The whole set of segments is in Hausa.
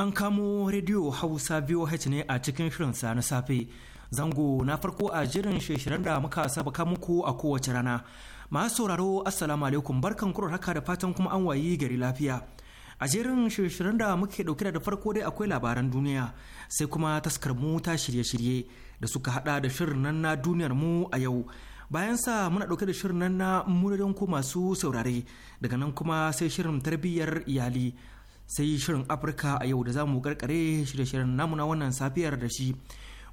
An kamo rediyo Hausa VOH ne a cikin shirinsa na safe. Zango na farko a jirin shirin da muka saba muku a kowace rana. Masu sauraro Assalamu alaikum barkan kuro haka da fatan kuma an wayi gari lafiya. A jerin shirin da muke dauke da farko dai akwai labaran duniya sai kuma taskar mu ta shirye-shirye da suka hada da shirin nan na duniyar mu a yau. Bayan sa muna dauke da shirin nan na muririn ku masu saurare daga nan kuma sai shirin tarbiyyar iyali sai shirin afirka a yau da za mu karkare shirye-shiryen namu na wannan safiyar da shi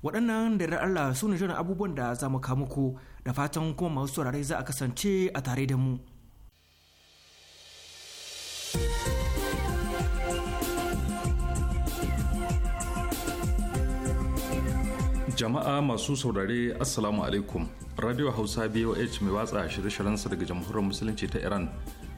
waɗannan da Allah su ne shirin abubuwan da za mu ko da fatan kuma masu saurare za a kasance a tare da mu. jama'a masu saurare assalamu alaikum radio hausa boh mai watsa shirye-shiryensa daga jamhuriyar musulunci ta iran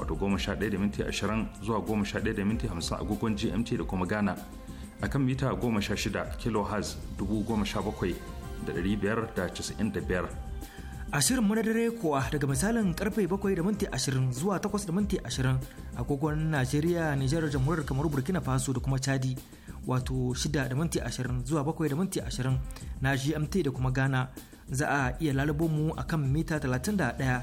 wato goma sha ɗaya da minti ashirin zuwa goma sha ɗaya da minti hamsin agogon gmt da kuma ghana a kan mita goma sha shida kilo kilohertz dubu goma sha bakwai da ɗari biyar da casa'in da biyar a shirin mu na dare kuwa daga misalin karfe bakwai da minti ashirin zuwa takwas da minti ashirin agogon najeriya nijar jamhuriyar kamar burkina faso da kuma chadi wato shida da minti ashirin zuwa bakwai da minti ashirin na gmt da kuma ghana za a iya lalubo mu a kan mita talatin da ɗaya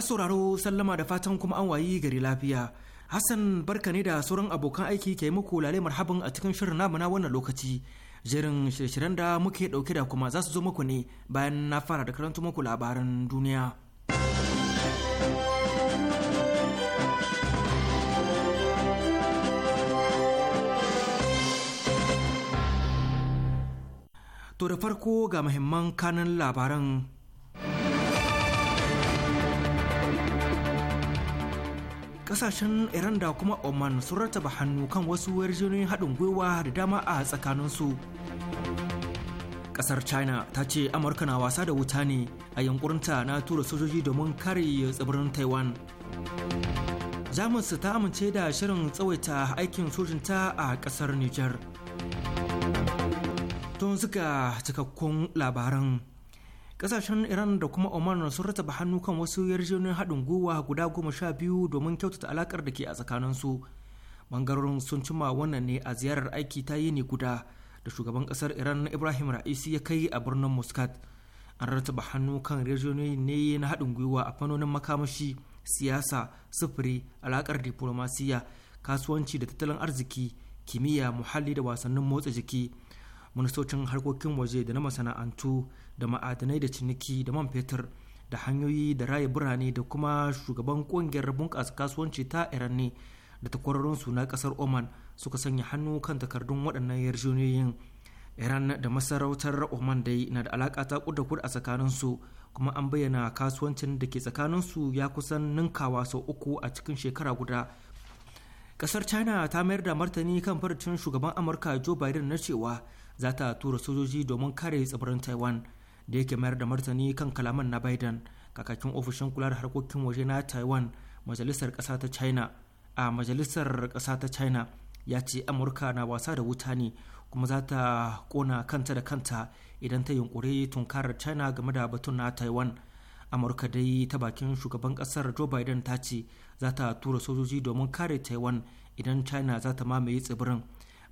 sauraro sallama da fatan kuma an wayi gari lafiya. Hassan barka ne da sauran abokan aiki ke muku lale marhaban a cikin shirin namu na wannan lokaci. Jerin shirye-shiryen da muke dauke da kuma za su zo muku ne bayan na fara da karanta muku labaran duniya. To da farko ga muhimman kanan labaran kasashen iran da kuma oman sun rattaba hannu kan wasu yarjejeniyoyin haɗin gwiwa da dama a tsakaninsu kasar china ta ce amurka na wasa da wuta ne a yankurinta na tura sojoji domin kare tsibirin taiwan jamus ta amince da shirin tsawaita aikin sojinta a kasar niger tun suka cikakkun labaran kasashen iran da kuma oman sun rataba hannu kan wasu yarjejeniyar haɗin gwiwa guda goma sha biyu domin kyautata alakar da ke a su bangarorin sun cima wannan ne a ziyarar aiki ta yi yini guda da shugaban kasar iran ibrahim ra'isi ya kai a birnin muscat an rataba hannu kan yarjejeniyar ne na haɗin gwiwa a fannonin makamashi siyasa sufuri alakar diplomasiya kasuwanci da tattalin arziki kimiyya muhalli da wasannin motsa jiki ministocin harkokin waje da na masana'antu da ma'adanai da ciniki da man fetur da hanyoyi da raye birane da kuma shugaban kungiyar bunƙasa kasuwanci ta iran ne da su na kasar oman suka sanya hannu kan takardun waɗannan yarjejeniyoyin iran da masarautar oman dai na da alaƙa ta kudda kuda a tsakaninsu kuma an bayyana kasuwancin da ke tsakanin su ya kusan ninkawa sau uku a cikin shekara guda kasar china ta mayar da martani kan farcin shugaban amurka joe biden na cewa za ta tura sojoji domin kare tsibirin taiwan da yake mayar da martani kan kalaman na biden kakakin ofishin kula harkokin waje na taiwan majalisar ƙasa ta china a majalisar ƙasa ta china ya ce amurka na wasa da wuta ne kuma za ta kona kanta da kanta idan ta yunkuri tunkarar china game da batun na taiwan amurka dai ta bakin shugaban kasar joe biden ta ce za ta tura sojoji domin kare taiwan idan china za ta mamaye tsibirin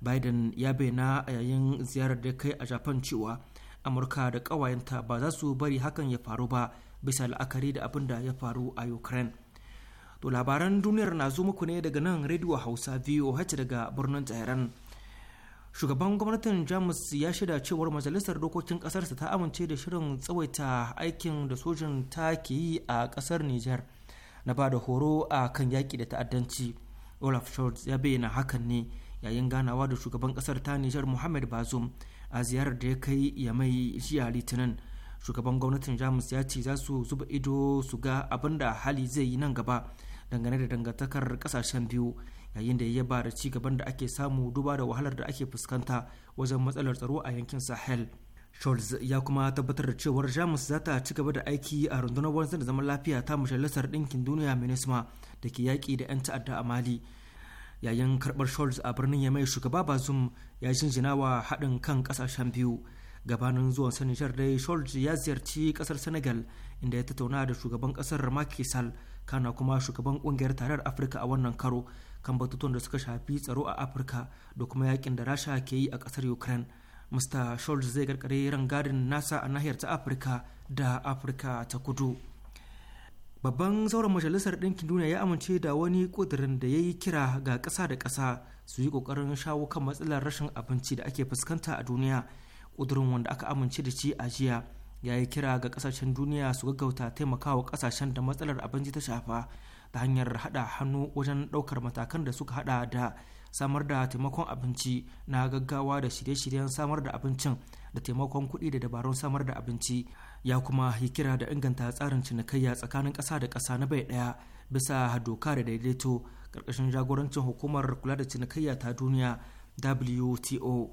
biden ya bayyana a yayin ziyarar da kai a japan cewa amurka da ƙawayenta ba za su bari hakan ya faru ba bisa la'akari da abin da ya faru a ukraine to labaran duniyar na zo muku ne daga nan rediyo hausa voh daga birnin tehran shugaban gwamnatin jamus ya shaida cewar majalisar dokokin kasarsa ta amince da shirin tsawaita aikin da sojin ta ke yi a kasar niger na ba da horo a kan yaƙi da ta'addanci olaf scholz ya bayyana hakan ne yayin ganawa da shugaban kasar ta niger muhammad bazoum a ziyarar da ya kai ya mai jiya litinin shugaban gwamnatin jamus ya ce za su zuba ido su ga abin da hali zai yi nan gaba dangane da dangantakar kasashen biyu yayin da ya yaba da ci gaban da ake samu duba da wahalar da ake fuskanta wajen matsalar tsaro a yankin sahel Scholz ya kuma tabbatar da cewar Jamus za ta ci gaba da aiki a rundunar wanzar da zaman lafiya ta Majalisar Ɗinkin Duniya MINISMA da ke yaƙi da 'yan ta'adda a Mali yayin karbar Scholz a birnin Yamai shugaba bazum ya jinjina wa haɗin kan ƙasashen biyu gabanin zuwan sa Nijar dai Scholz ya ziyarci ƙasar Senegal inda ya tattauna da shugaban ƙasar makisal Sall kana kuma shugaban ƙungiyar tarayyar Afirka a wannan karo kan batutuwan da suka shafi tsaro a Afirka da kuma yakin da Rasha ke yi a ƙasar Ukraine Mr. Scholz zai karkare rangadin nasa a nahiyar ta Afirka da Afirka ta Kudu. babban sauran majalisar ɗinkin duniya ya amince da wani ƙudurin da ya yi kira ga ƙasa da ƙasa su yi ƙoƙarin shawo kan matsalar rashin abinci da ake fuskanta a duniya ƙudurin wanda aka amince da shi a jiya ya yi kira ga ƙasashen duniya su gaggauta taimakawa ƙasashen da matsalar abinci ta shafa ta hanyar haɗa hannu wajen ɗaukar matakan da suka haɗa da samar da taimakon abinci na gaggawa da shirye-shiryen samar da abincin da taimakon kuɗi da dabarun samar da abinci ya kuma yi kira da inganta tsarin cinikayya tsakanin ƙasa da ƙasa na bai ɗaya bisa doka da daidaito ƙarƙashin jagorancin hukumar kula da cinikayya ta duniya wto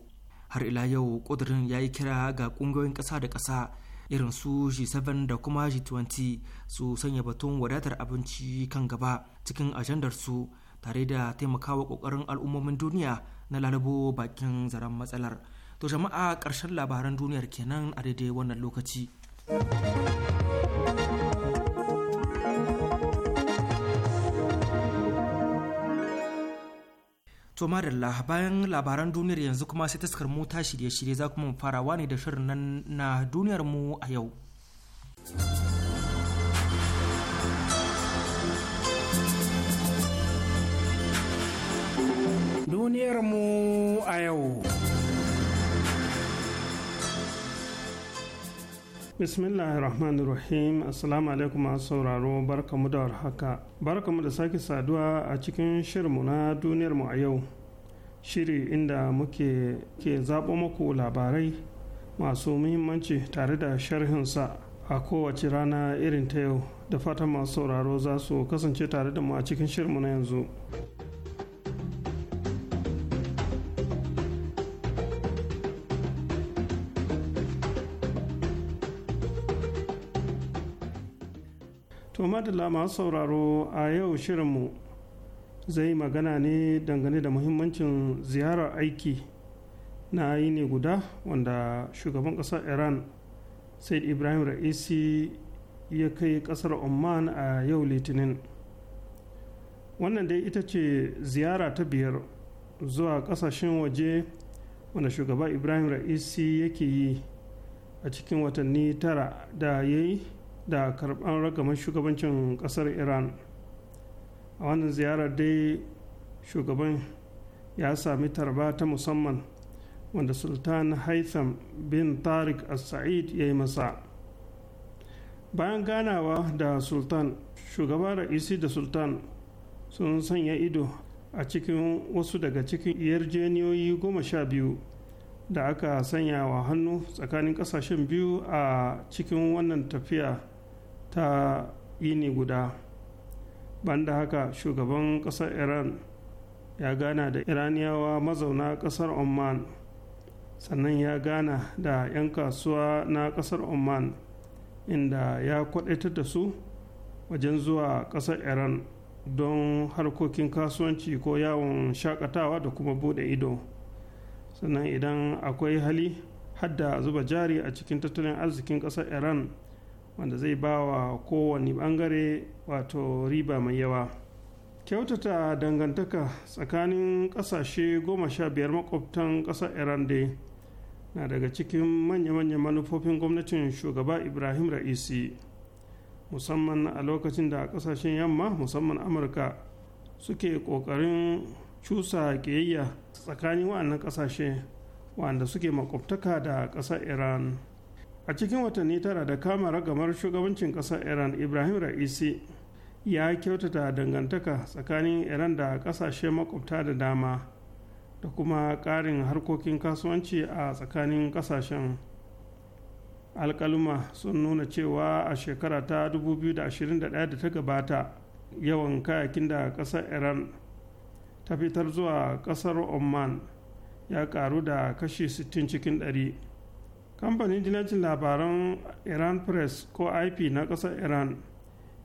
har ila yau ƙudurin ya yi kira ga ƙungiyoyin ƙasa da kasa irin su g7 da kuma g20 su sanya batun wadatar abinci kan gaba cikin ajandar su tare da taimakawa ƙoƙarin al'ummomin duniya na lalabo bakin zaren matsalar to jama'a ƙarshen labaran duniyar kenan a daidai wannan lokaci To madalla bayan labaran duniyar yanzu kuma sai taskar mu ta shirye-shirye za kuma farawa ne da shirin nan na duniyar mu a yau. Duniyar mu a yau. bismillahir rahmanir rahim assalamu alaikum masu sauraro barkamu da warhaka barkamu da sake saduwa a cikin shirinmu na duniyar mu a yau shiri inda muke ke zaɓo muku labarai masu muhimmanci tare da sharhinsa a kowace rana irin ta yau da fatan masu sauraro za su kasance tare da mu a cikin shirinmu na yanzu. madalla masu sauraro a yau shirinmu zai magana ne dangane da muhimmancin ziyarar aiki na yini guda wanda shugaban ƙasar Iran Said Ibrahim Ra'isi ya kai ƙasar Oman a yau Litinin. Wannan dai ita ce ziyara ta biyar zuwa ƙasashen waje wanda shugaba Ibrahim Ra'isi yake yi a cikin watanni tara da yayi. da karɓar ragamar shugabancin ƙasar iran a wannan ziyarar dai shugaban ya sami tarba ta musamman wanda sultan haitham bin tariq al-sa'id ya yi masa bayan ganawa da sultan shugaba da ra'isi da sultan sun sanya ido a cikin wasu daga cikin yarjeniyoyi goma sha biyu da aka sanya wa hannu tsakanin kasashen biyu a cikin wannan tafiya ta yini guda banda haka shugaban ƙasar iran ya gana da iraniyawa mazauna ƙasar oman sannan ya gana da 'yan kasuwa na ƙasar oman inda ya kwadaitar da su wajen zuwa ƙasar iran don harkokin kasuwanci ko yawon shakatawa da kuma bude ido sannan idan akwai hali hadda zuba jari a cikin tattalin arzikin ƙasar iran wanda zai ba wa kowane bangare wato riba mai yawa kyautata dangantaka tsakanin kasashe goma sha biyar makwabtan ƙasar iran dai na daga cikin manya-manyan manufofin gwamnatin shugaba ibrahim ra'isi musamman a lokacin da kasashen yamma musamman amurka suke ƙoƙarin cusa ƙiyayya tsakanin waɗannan ƙasashe wanda suke makwabtaka da ƙasar iran a cikin watanni tara da kama ragamar shugabancin ƙasar iran ibrahim ra'isi ya kyautata dangantaka tsakanin iran da ƙasashe makwabta da dama da kuma ƙarin harkokin kasuwanci a tsakanin ƙasashen alƙaluma sun nuna cewa a shekara ta 2021 da ta gabata yawan kayakin da ƙasar iran ta fitar zuwa ƙasar oman ya ƙaru da kashi 60 cikin ɗari. kamfanin jinajin labaran iran press ko ip na ƙasar iran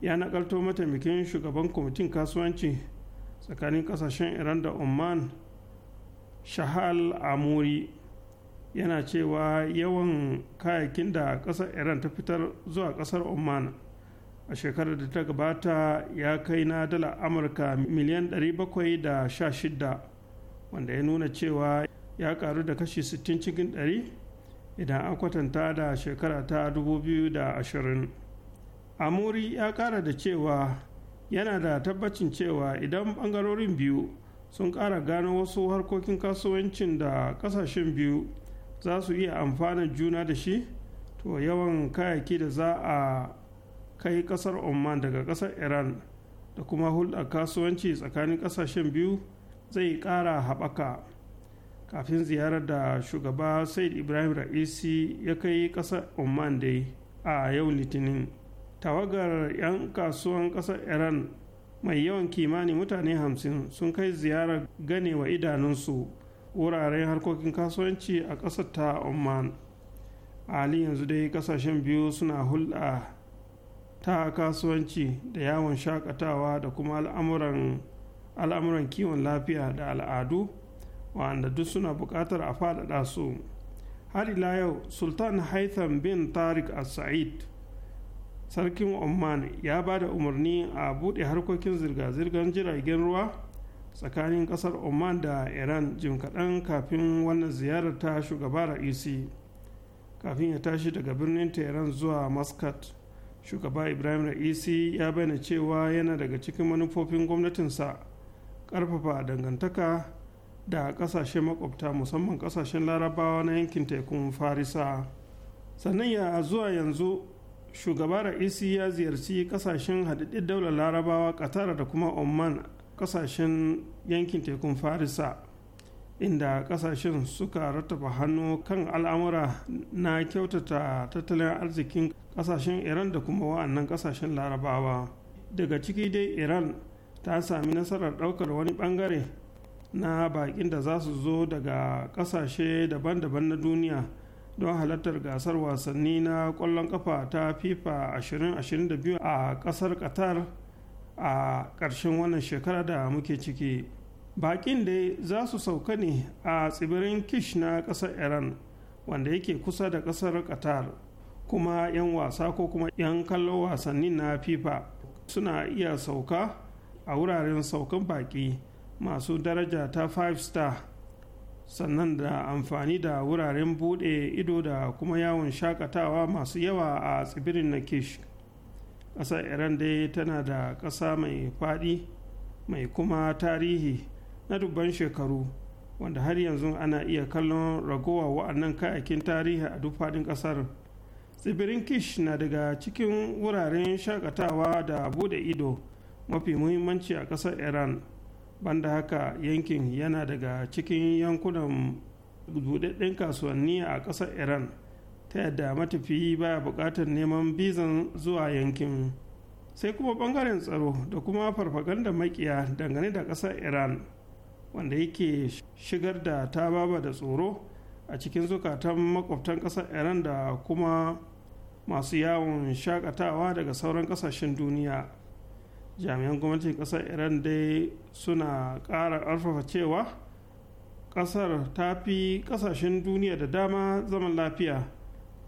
ya nakalto mataimakin shugaban kwamitin kasuwanci tsakanin ƙasashen iran da oman shahal amuri yana cewa yawan kayakin da ƙasar iran ta fitar zuwa ƙasar oman a shekarar da ta gabata ya kai na dala amurka miliyan 716 wanda ya nuna cewa ya karu da kashi 60 cikin 100 idan an kwatanta da shekara ta 2020 amuri ya kara da cewa yana da tabbacin cewa idan bangarorin biyu sun kara gano wasu harkokin kasuwancin da kasashen biyu za su iya amfana juna da shi to yawan kayaki da za a kai kasar oman daga kasar iran da kuma hulɗar kasuwanci tsakanin kasashen biyu zai ƙara haɓaka kafin ziyarar da shugaba said ibrahim ra'isi ya kai kasar oman dai a yau litinin tawagar 'yan kasuwan kasar iran mai yawan kimanin mutane hamsin sun kai ziyarar ganewa idanunsu wuraren harkokin kasuwanci a kasar ta oman ali yanzu dai kasashen biyu suna hulɗa ta kasuwanci da yawon shakatawa da kuma al'amuran kiwon lafiya da al'adu wanda duk suna bukatar a faɗaɗa su har ila yau sultan haitham bin tariq al-sa'id sarkin oman ya ba da umarni a buɗe harkokin zirga-zirgar jiragen ruwa tsakanin ƙasar oman da iran jim kaɗan kafin wannan ziyarar ta shugaba ra'isi kafin ya tashi daga birnin tehran zuwa muscat shugaba ibrahim ra'isi ya bayyana cewa yana daga cikin manufofin gwamnatinsa ƙarfafa dangantaka da kasashe makwabta musamman kasashen larabawa na yankin tekun farisa sannan ya zuwa yanzu shugaba da isi ya ziyarci kasashen hadaddin daular larabawa qatar da kuma oman kasashen yankin tekun farisa inda kasashen suka rattaba hannu kan al'amura na kyautata tattalin arzikin kasashen iran da kuma wa'annan kasashen larabawa daga ciki dai iran ta sami nasarar daukar wani bangare na baƙin da za su zo daga ƙasashe daban-daban na duniya don halartar gasar wasanni na ƙwallon ƙafa ta fifa 2022 a ƙasar qatar a ƙarshen wannan shekara da muke ciki baƙin da za su sauka ne a tsibirin kish na ƙasar iran wanda yake kusa da ƙasar qatar kuma 'yan wasa ko kuma 'yan kallon wasanni na fifa suna iya sauka a wuraren saukan baƙi. masu daraja ta 5 star sannan da amfani da wuraren bude ido da kuma yawon shakatawa masu yawa a tsibirin na kish ƙasar iran dai tana da ƙasa mai faɗi mai kuma tarihi na dubban shekaru wanda har yanzu ana iya kallon ragowa wa'annan kayakin tarihi a duk faɗin ƙasar tsibirin kish na daga cikin wuraren shakatawa da bude ido mafi muhimmanci a ƙasar iran banda haka yankin yana daga cikin yankunan buɗaɗɗen kasuwanni a ƙasar iran ta yadda matafiyi baya buƙatar neman bizan zuwa yankin sai kuma ɓangaren tsaro da kuma farfaganda makiya dangane da ƙasar iran wanda yake shigar da ta baba da tsoro a cikin zukatan makwabtan ƙasar iran da kuma masu yawon shakatawa daga sauran ƙasashen duniya jami'an gwamnatin ƙasar iran dai suna ƙara ƙarfafa cewa ƙasar ta fi ƙasashen duniya da dama zaman lafiya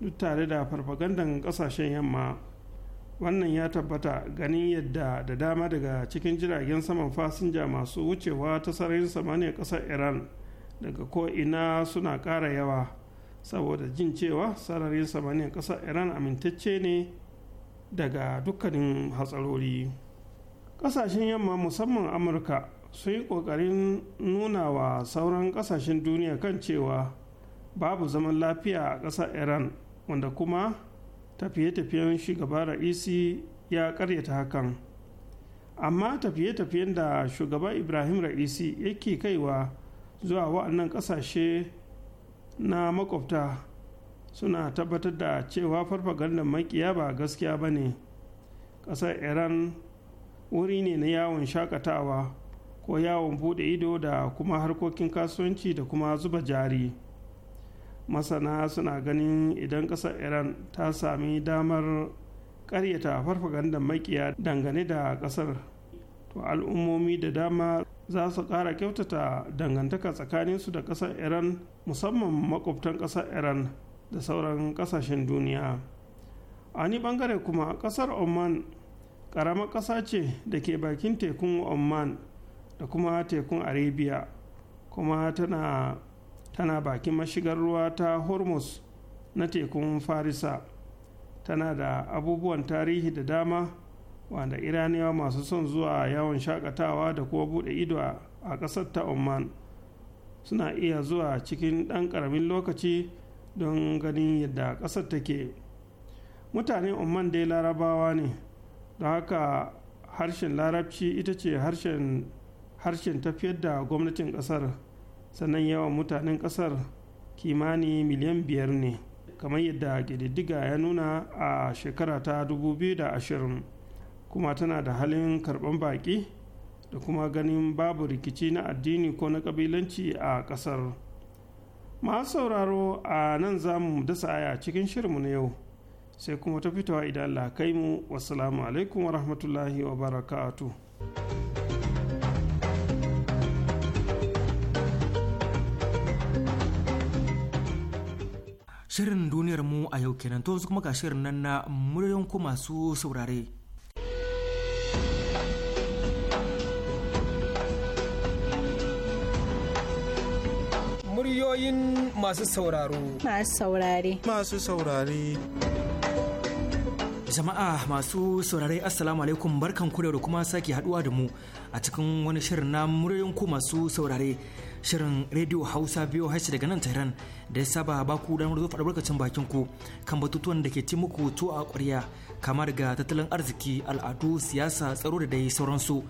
duk tare da farfagandan ƙasashen yamma wannan ya tabbata ganin yadda da dama daga cikin jiragen saman fasinja masu wucewa ta sararin samaniya ƙasar iran daga ko'ina suna ƙara yawa saboda jin cewa sararin samaniya ƙasar iran amintacce ne daga dukkanin hatsarori. ƙasashen yamma musamman amurka sun yi ƙoƙarin nuna wa sauran ƙasashen duniya kan cewa babu zaman lafiya a ƙasar iran wanda kuma tafiye-tafiyen shugaba ra'isi ya ƙaryata hakan amma tafiye-tafiyen da shugaba ibrahim ra'isi yake kaiwa zuwa wa'annan ƙasashe na makwabta suna tabbatar da cewa farfagandar makiya ba gaskiya ba ne ƙasar iran wuri ne na yawon shakatawa ko yawon bude ido da kuma harkokin kasuwanci da kuma zuba jari masana suna ganin idan ƙasar iran ta sami damar ƙaryata farfaganda makiya dangane da ƙasar to al'ummomi da dama za su ƙara kyautata dangantaka tsakaninsu da ƙasar iran musamman makwabtan ƙasar iran da sauran ƙasashen duniya a ni ɓangare kuma ƙasar oman ƙaramar ƙasa ce da ke bakin tekun oman da kuma tekun arabia kuma tana, tana bakin mashigar ruwa ta hormuz na tekun farisa tana da abubuwan tarihi da dama wanda iraniyawa masu son zuwa yawon shakatawa da kuma buɗe ido a ƙasar ta oman suna iya zuwa cikin ɗan ƙaramin lokaci don ganin yadda ƙasar take mutanen oman dai larabawa ne don haka harshen larabci ita ce harshen tafiyar da gwamnatin ƙasar sannan yawan mutanen ƙasar kimani miliyan biyar ne kamar yadda ƙididdiga ya nuna a shekara ta 2020 kuma tana da halin karɓar baƙi da kuma ganin babu rikici na addini ko na ƙabilanci a ƙasar masu sauraro a nan zamu dasa aya cikin shirinmu na yau sai kuma ta fitowa idan Allah kai mu wasalamu alaikum wa rahmatullahi wa barakatu. Shirin duniyar mu a yau kenan to kuma ga shirin nan na muryan ku masu saurare. Muryoyin masu sauraro. Masu saurare. Masu saurare. Jama'a masu saurare Assalamu alaikum barkan kure da kuma sake haduwa da mu a cikin wani shirin na muryoyin ku masu saurare shirin Radio Hausa biyu hashi daga nan Tehran da ya saba baku don rufe barkacin bakin ku kan batutuwan da ke ci muku to a ƙwarya kamar ga tattalin arziki al'adu siyasa tsaro da dai sauransu.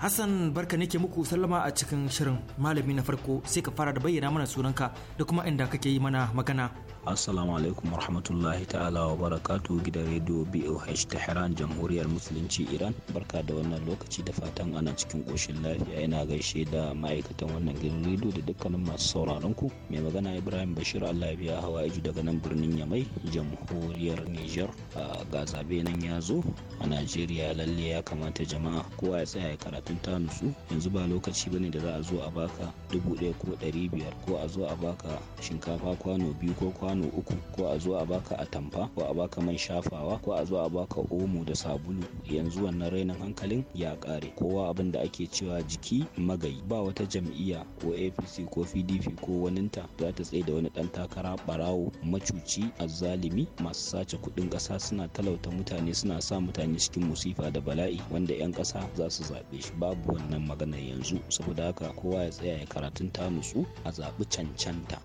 Hassan barka ke muku sallama a cikin shirin malami na farko sai ka fara da bayyana mana sunanka da kuma inda kake yi mana magana. assalamu alaikum warahmatullahi ta'ala wa barakatu gidan rediyo boh tehran jamhuriyar musulunci iran barka da wannan lokaci da fatan ana cikin koshin lafiya yana gaishe da ma'aikatan wannan gidan rediyo da dukkanin masu sauraron ku mai magana ibrahim bashir allah biya hawa iju daga nan birnin yamai jamhuriyar niger a gazabe nan ya zo a najeriya lalle ya kamata jama'a kowa ya tsaya ya karatun ta nutsu yanzu ba lokaci bane da za a zo a baka dubu ɗaya ko ɗari biyar ko a zo a baka shinkafa kwano biyu ko kwano kwano uku ko a zuwa a baka atamfa ko a baka man shafawa ko a zo a baka omo da sabulu yanzu wannan rainin hankalin ya kare kowa abin da ake cewa jiki magayi ba wata jam'iyya ko apc ko pdp ko waninta za ta tsaye da wani dan takara barawo macuci azzalimi masu sace kudin kasa suna talauta mutane suna sa mutane cikin musifa da bala'i wanda 'yan kasa za su zaɓe shi babu wannan magana yanzu saboda haka kowa ya tsaya ya karatun ta nutsu a zaɓi cancanta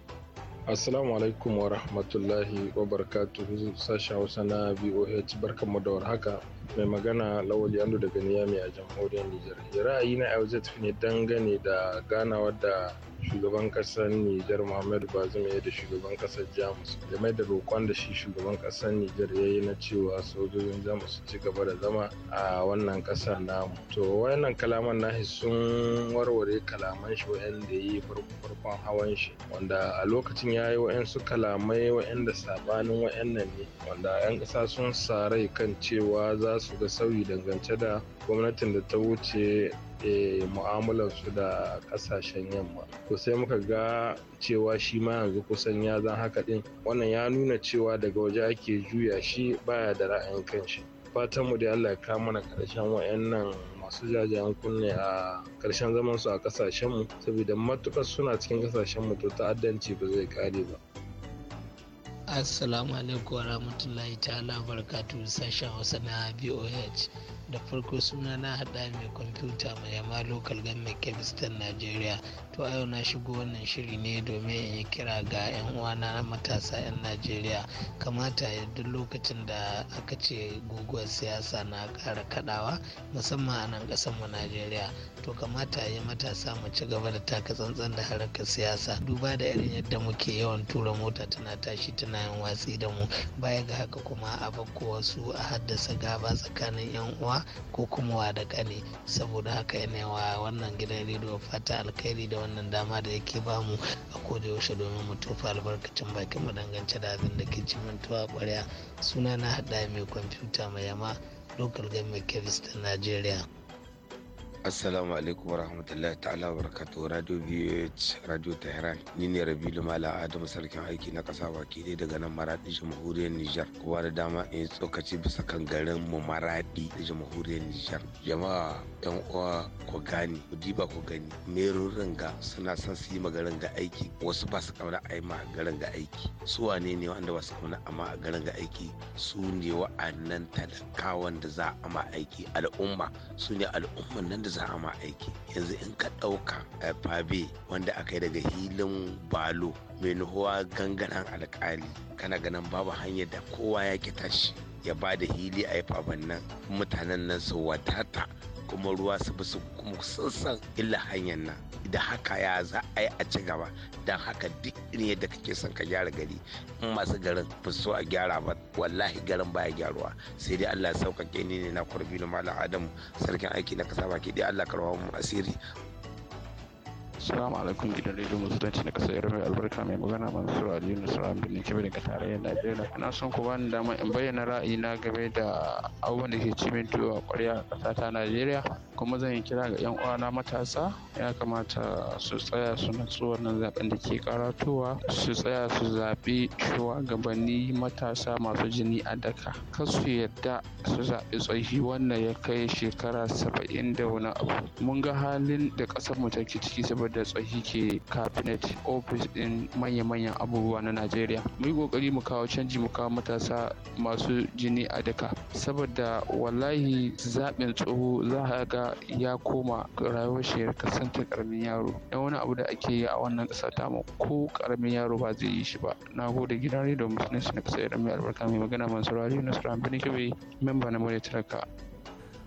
Assalamu alaikum wa rahmatullahi wa barakatuhu sashen Hausa na BOH barkanmu da warhaka mai magana lawali ando daga niyami a jamhuriyar nijar ra'ayina na yau zai tafi ne dangane da ganawa da shugaban kasar Nijar Muhammadu Bazoum ya da shugaban kasar Jamus game da roƙon da shi shugaban kasar Nijar ya yi na cewa sojojin Jamus su ci gaba da zama a wannan kasar namu. To wayannan kalaman nahi sun warware kalaman shi wa'anda yi farkon hawan shi wanda a lokacin ya yi wa'ansu kalamai wa'anda sabanin wa'annan ne wanda 'yan ƙasa sun sa rai kan cewa za su ga sauyi dangance da gwamnatin da ta wuce eh, su da kasashen yamma to sai muka ga cewa shi ma yanzu kusan ya zan haka din wannan ya nuna cewa daga waje ake juya shi baya da ra'ayin kanshi fatanmu da Allah ya kawo mana karshen wayannan masu jajayen kunne a karshen zaman su a mu saboda matukar suna cikin mu to ta'addanci ba zai kare ba assalamu alaikum warahmatullahi ta'ala barakatuhu sashen hausa na boh da farko suna na hada mai kwamfuta mai yama lokal government kebistan najeriya to a yau na shigo wannan shiri ne domin in yi kira ga 'yan uwana na matasa 'yan najeriya kamata ya duk lokacin da aka ce guguwar siyasa na kara kaɗawa musamman a nan mu najeriya to kamata yi matasa mu ci gaba da taka tsantsan da harkar siyasa duba da irin yadda muke yawan tura mota tana tashi tana yin watsi da mu baya ga haka kuma a bakko wasu a haddasa gaba tsakanin 'yan uwa ko kuma wa da kane saboda haka yana wa wannan gidan rediyo fata alkhairi da wannan dama da yake bamu a koda yaushe domin mu tofa albarkacin bakin mu dangance da abin da ke ci mantuwa kwarya suna na hada mai kwamfuta mai yama local government kebis ta nigeria. Assalamu alaikum warahmatullahi ta'ala barakatuh Radio VOH Radio Tehran ni ne Rabilu Mala Adamu sarkin aiki na kasa baki dai daga nan Maradi Jamhuriyar Nijar kuma da dama in tsokaci bisa kan garin mu Maradi Jamhuriyar Nijar jama'a yan uwa ku gani ku diba ku gani merurin ga suna son su yi garin ga aiki wasu ba su kauna a yi ma garin ga aiki su wane ne wanda ba su kauna amma a garin ga aiki su ne wa'annan talakawan da za a ma aiki al'umma su ne al'umman nan da zama aiki yanzu in ka ɗauka eh, fabe wanda aka yi daga hilin balo mai nuhuwa ganganan alkali kana ganin babu hanyar da kowa ya ki tashi ya ba da hili a yi faban mutanen nan su wadata kuma ruwa su bisa su sassan illa hanyar nan da haka ya za a yi a ci gaba don haka duk ne yadda kake son ka gyara gari in masu garin ba so a gyara ba wallahi garin baya gyaruwa sai dai Allah ya sauƙaƙe ni ne na kwarbi malam Adamu sarkin aiki na kasa baki dai Allah karwa mu asiri Assalamu alaikum gidan rediyo musulunci na kasar Yarmai albarka mai magana Mansur Aliyu Nusra ne Kebe daga tarayyar Najeriya. Ina son ku bani dama in bayyana ra'ayina game da abubuwan da ke ci min tuwo a ƙwarya a ƙasa ta Najeriya. Kuma zan yi kira ga 'yan uwana matasa ya kamata su tsaya su natsu wannan zaben da ke karatowa su tsaya su zaɓi shugabanni matasa masu jini a daka. Kar su yadda su zaɓi tsohi wannan ya kai shekara saba'in da wani abu. Mun ga halin da ƙasar mu take ciki saboda da tsohi ke cabinet office din manya-manyan abubuwa na najeriya mu yi kokari mu kawo canji mu kawo matasa masu jini a daka saboda wallahi zaɓin tsoho za a ga ya koma rayuwar shi kasance karamin yaro dan wani abu da ake yi a wannan ƙasa ta mu ko karamin yaro ba zai yi shi ba na gode gidan rediyo musulunci na ƙasar iran mai albarka mai magana mansur ali nasiru hamdani kebe memba na murya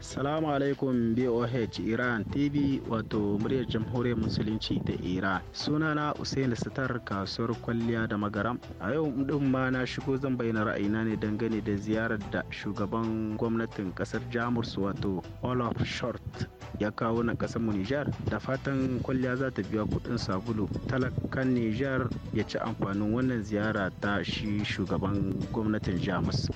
Salamu alaikum BOH Iran TV wato muryar jamhuriyar musulunci ta Iran. Sunana Usain Sitar kasuwar kwalliya da magaram. A yau din ma na shigo zan bayyana ra'ayina ne dangane da ziyarar da shugaban gwamnatin kasar Jamus wato Olaf Short ya kawo na kasar mu Nijar da fatan kwalliya za ta biya kudin sabulu. Talakan Nijar ya ci amfanin wannan ziyara ta shi shugaban gwamnatin Jamus.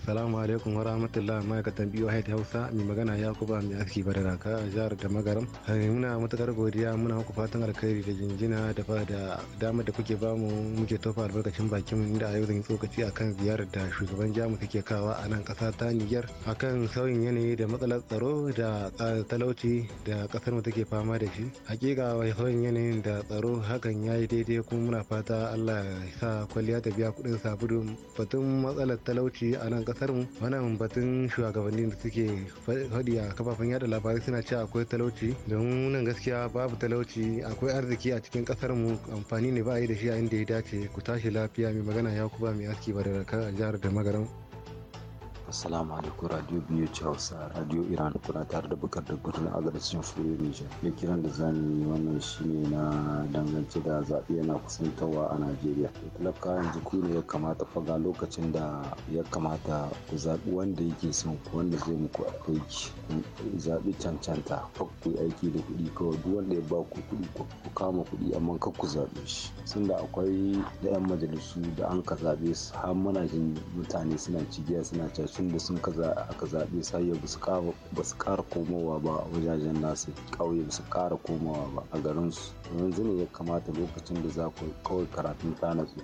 Assalamu alaikum wa rahmatullahi ma'aikatan biyu haiti Hausa mai magana ya kuba mai aski bararaka jihar da magaram. Eh, muna matukar godiya muna muku fatan alkhairi da jinjina da ba da damar da kuke bamu muke tofa albarkacin bakin mu inda a yau zan yi tsokaci akan ziyarar da shugaban jamus ke kawa a nan kasa ta Niger akan sauyin yanayi da matsalar tsaro da talauci da kasar mu take fama da shi. Hakika sauyin yanayin da tsaro hakan ya yi daidai kuma muna fata Allah ya sa kwalliya ta biya kuɗin sabulu batun matsalar talauci a nan kasar mu wannan batun shugabanni da suke faɗi a kafafen yada labarai suna cewa akwai talauci domin nan gaskiya babu talauci akwai arziki a cikin kasar mu amfani ne ba a yi da shi a inda ya dace ku tashi lafiya mai magana ya kuba mai aski ba da raka a jihar da magaran Assalamu alaikum Radio BH Hausa Radio Iran kuna tare da bukar da gudun agarcin Fure Nijar. Ya kiran da yi wannan shi ne na dangance da zaɓe yana tawa a Najeriya. Talaka yanzu ku ne ya kamata faga lokacin da ya kamata ku zaɓi wanda yake son ku wanda zai muku aiki. Zaɓi cancanta ku aiki da kuɗi kawai duk wanda ya ba ku kuɗi ku kama kuɗi amma kar ku zaɓe shi. Sun da akwai da 'yan majalisu da an ka zaɓe su har muna jin mutane suna cigiya suna cashe. tun da sun aka zaɓe sai yau ba su ƙara komowa ba a wajajen nasu ƙauye ba su ƙara komowa ba a garinsu yanzu ne ya kamata lokacin da za ku kawai karatun ta natsu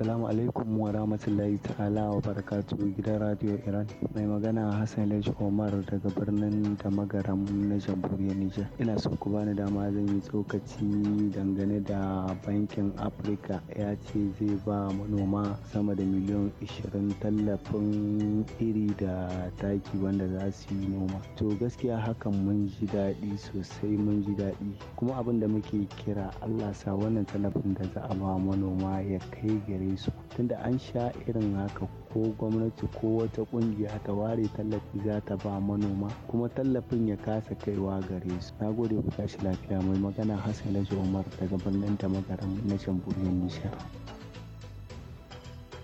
Assalamu alaikum wa rahmatullahi ta'ala wa barakatu gidan Radio Iran. Mai magana Hassan Laji Omar daga birnin da magaram na jamhuriyar Nijar. Ina so ku bani dama zan yi tsokaci dangane da bankin Afirka ya ce zai ba manoma sama da miliyan 20 tallafin iri da taki wanda za su yi noma. To gaskiya hakan mun ji daɗi sosai mun ji daɗi. Kuma abin da muke kira Allah sa wannan tallafin da za a ba manoma ya kai gare su tunda an sha irin haka ko gwamnati ko wata kungiya ta ware tallafi za ta ba manoma kuma tallafin ya kasa kaiwa gare su na gode ku tashi lafiya mai magana hassan laji umar daga birnin da magaran na birnin nishar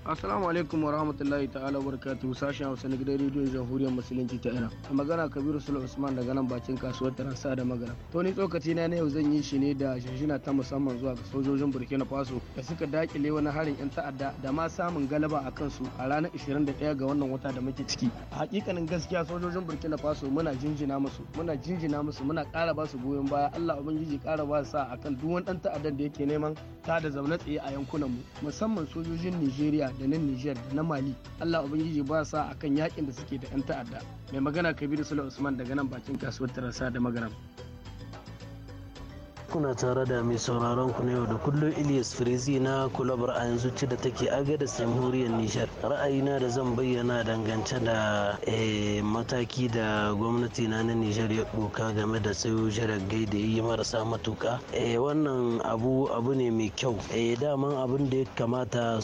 Assalamu alaikum wa rahmatullahi ta'ala wa barakatuhu sashen Hausa na gidan rediyon Jamhuriyar Musulunci ta Iran. A magana Kabiru Sule Usman daga nan bakin kasuwar Taransa da Magana. To ni tsokaci na yau zan yi shi ne da shinshina ta musamman zuwa ga sojojin Burkina Faso da suka dakile wani harin yan ta'adda da ma samun galaba a kansu a ranar 21 ga wannan wata da muke ciki. A hakikanin gaskiya sojojin Burkina Faso muna jinjina musu, muna jinjina musu, muna kara ba su goyon baya. Allah ubangiji kara ba sa akan duk wani dan ta'addan da yake neman ta da zaune tsaye a yankunan mu, musamman sojojin Nigeria da nan Nijar da na Mali Allah ubangiji ba sa akan yakin da suke da 'yan ta'adda mai magana Kabiru Sula Usman daga nan bakin kasuwar Tarasa da Magaram kuna tare da mai sauraron ku na yau da kullum Ilyas Firizi na kulabar a yanzu ce da take agadas jamhuriyar Nijar. Ra'ayina da zan bayyana dangance da eh, mataki da gwamnati na na Nijar ya ɗoka game da sayo jiragai da yi marasa matuka. Eh, wannan abu abu ne mai kyau. Eh, daman abin da ya kamata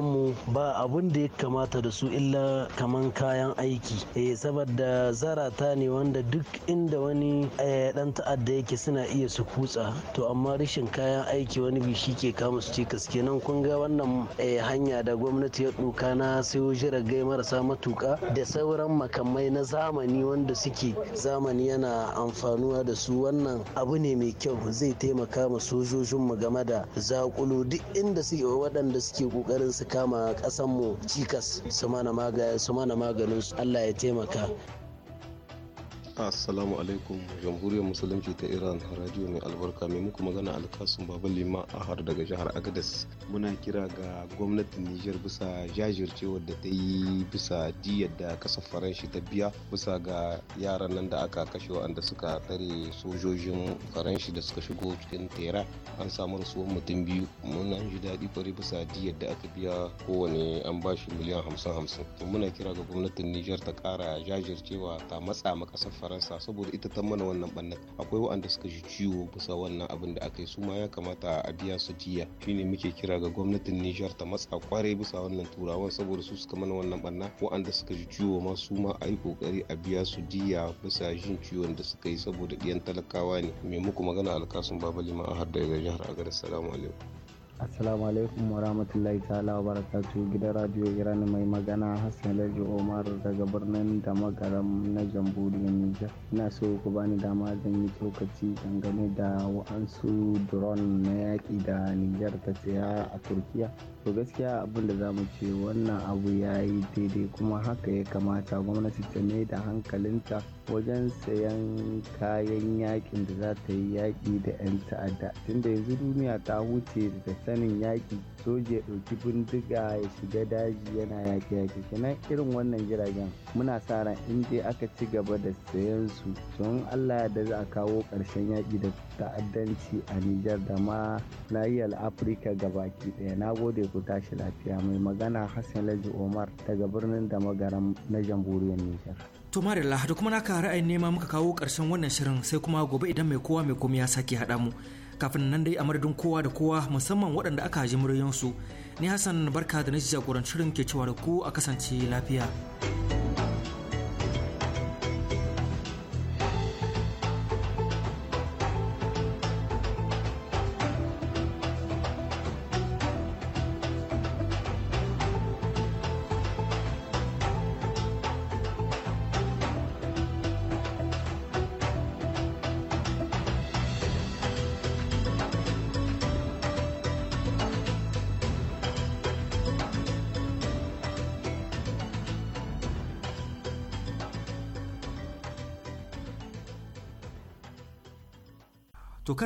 mu ba abin da ya kamata da su illa kaman kayan aiki. Saboda zarata ne wanda duk inda wani ɗan ta'adda yake suna iya su kutsa to amma rashin kayan aiki wani bi shi ke kama su cikas kenan kun ga wannan eh, hanya da gwamnati ya ɗuka na sayo jiragai marasa matuka da sauran makamai na zamani wanda suke zamani yana amfanuwa da su wannan abu ne mai kyau zai taimaka ma sojojin mu game da zakulu duk inda suke waɗanda suke kokarin su kama ƙasanmu cikas su mana maganin su Allah ya taimaka assalamu alaikum jamhuriyar musulunci ta iran radio mai albarka mai muku magana alkasun baba lima a har daga jihar agadas muna kira ga gwamnatin niger bisa jajircewar da ta yi bisa diyar da kasar faranshi ta biya bisa ga yaran nan da aka kashe wanda suka tare sojojin faranshi da suka shigo cikin tera an samu rasuwar mutum biyu muna ji daɗi kwarai bisa diyar da aka biya kowane an bashi miliyan hamsin hamsin muna kira ga gwamnatin nijar ta ƙara jajircewa ta matsa ma faransa saboda ita ta mana wannan bannan akwai wanda suka ji ciwo bisa wannan abin da aka yi su ma ya kamata a biya su jiya shine muke kira ga gwamnatin niger ta matsa kwarai bisa wannan turawan saboda su suka mana wannan bannan wanda suka ji ciwo ma su ma a yi kokari a biya su jiya bisa jin ciwon da suka yi saboda ɗiyan talakawa ne me muku magana alkasun babali ma har da jihar agadar salamu alaikum Assalamu alaikum wa rahmatullahi ta'ala wa barakatu gidan radio Iran mai magana Hassan Laji Omar daga birnin dama na jamhuriyar Nijar. Ina so ku bani dama zan yi tsokaci dangane da wa'ansu drone na yaƙi da Nijar ta saya a Turkiya. to gaskiya abin da zamu ce wannan abu ya yi daidai kuma haka ya kamata gwamnati ta mai da hankalinta wajen sayan kayan yakin da za ta yi yaƙi da 'yan ta'adda tunda yanzu duniya ta huce da sanin yaƙi soja ya ɗauki bindiga ya shiga daji yana yaƙe yaƙe kenan irin wannan jiragen muna sa ran in dai aka ci gaba da sayan su don allah da za a kawo ƙarshen yaƙi da ta'addanci a nijar da ma nahiyar afirka baki ɗaya na gode ku tashi lafiya mai magana hassan laji omar daga birnin da magaram na jamhuriyar nijar To Marilla da kuma naka ra'ayin nema muka kawo ƙarshen wannan shirin sai kuma gobe idan mai kowa mai komai ya sake haɗa mu. kafin nan dai a madadin kowa da kowa musamman waɗanda aka ji muryoyinsu ni hassan barka da na jagorancin ke cewa da ku a kasance lafiya.